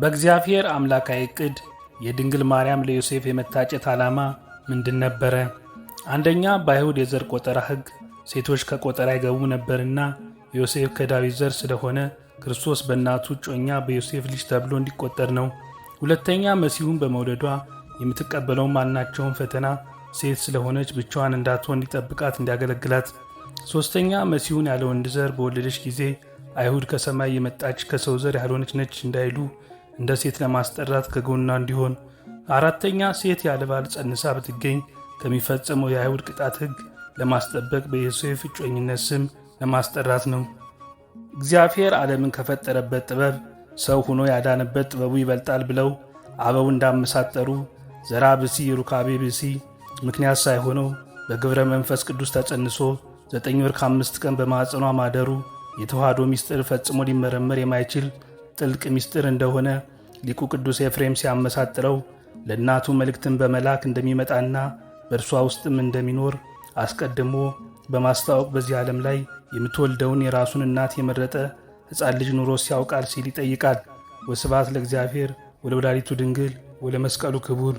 በእግዚአብሔር አምላካዊ ዕቅድ የድንግል ማርያም ለዮሴፍ የመታጨት ዓላማ ምንድን ነበረ? አንደኛ በአይሁድ የዘር ቆጠራ ሕግ ሴቶች ከቆጠራ ይገቡ ነበርና ዮሴፍ ከዳዊት ዘር ስለሆነ ክርስቶስ በእናቱ ጮኛ በዮሴፍ ልጅ ተብሎ እንዲቆጠር ነው። ሁለተኛ መሲሁን በመውደዷ የምትቀበለው ማናቸውን ፈተና ሴት ስለሆነች ብቻዋን እንዳትሆን እንዲጠብቃት እንዲያገለግላት። ሦስተኛ መሲሁን ያለ ወንድ ዘር በወለደች ጊዜ አይሁድ ከሰማይ የመጣች ከሰው ዘር ያልሆነች ነች እንዳይሉ እንደ ሴት ለማስጠራት ከጎኗ እንዲሆን፣ አራተኛ ሴት ያለ ባል ጸንሳ ብትገኝ ከሚፈጸመው የአይሁድ ቅጣት ሕግ ለማስጠበቅ በዮሴፍ እጮኝነት ስም ለማስጠራት ነው። እግዚአብሔር ዓለምን ከፈጠረበት ጥበብ ሰው ሆኖ ያዳነበት ጥበቡ ይበልጣል ብለው አበው እንዳመሳጠሩ ዘራ ብሲ ሩካቤ ብሲ ምክንያት ሳይሆነው በግብረ መንፈስ ቅዱስ ተጸንሶ ዘጠኝ ወር ከአምስት ቀን በማዕፀኗ ማደሩ የተዋህዶ ምስጢር ፈጽሞ ሊመረመር የማይችል ጥልቅ ምስጢር እንደሆነ ሊቁ ቅዱስ ኤፍሬም ሲያመሳጥረው ለእናቱ መልእክትን በመላክ እንደሚመጣና በእርሷ ውስጥም እንደሚኖር አስቀድሞ በማስታወቅ በዚህ ዓለም ላይ የምትወልደውን የራሱን እናት የመረጠ ሕፃን ልጅ ኑሮ ሲያውቃል ሲል ይጠይቃል። ወስብሐት ለእግዚአብሔር ወለወላዲቱ ድንግል ወለመስቀሉ ክቡር